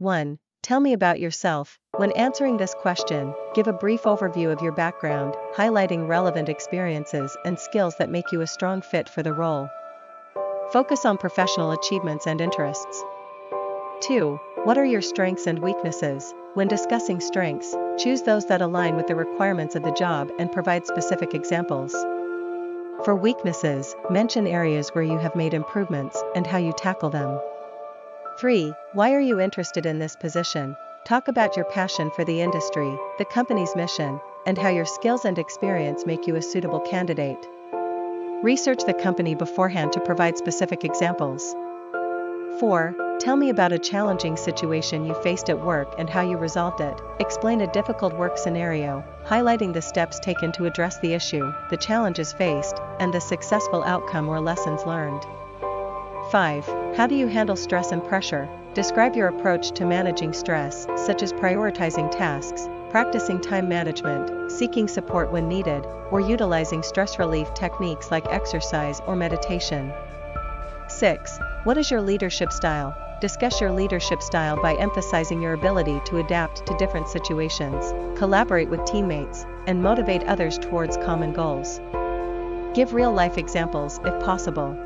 1. Tell me about yourself. When answering this question, give a brief overview of your background, highlighting relevant experiences and skills that make you a strong fit for the role. Focus on professional achievements and interests. 2. What are your strengths and weaknesses? When discussing strengths, choose those that align with the requirements of the job and provide specific examples. For weaknesses, mention areas where you have made improvements and how you tackle them. 3. Why are you interested in this position? Talk about your passion for the industry, the company's mission, and how your skills and experience make you a suitable candidate. Research the company beforehand to provide specific examples. 4. Tell me about a challenging situation you faced at work and how you resolved it. Explain a difficult work scenario, highlighting the steps taken to address the issue, the challenges faced, and the successful outcome or lessons learned. 5. How do you handle stress and pressure? Describe your approach to managing stress, such as prioritizing tasks, practicing time management, seeking support when needed, or utilizing stress relief techniques like exercise or meditation. 6. What is your leadership style? Discuss your leadership style by emphasizing your ability to adapt to different situations, collaborate with teammates, and motivate others towards common goals. Give real life examples if possible.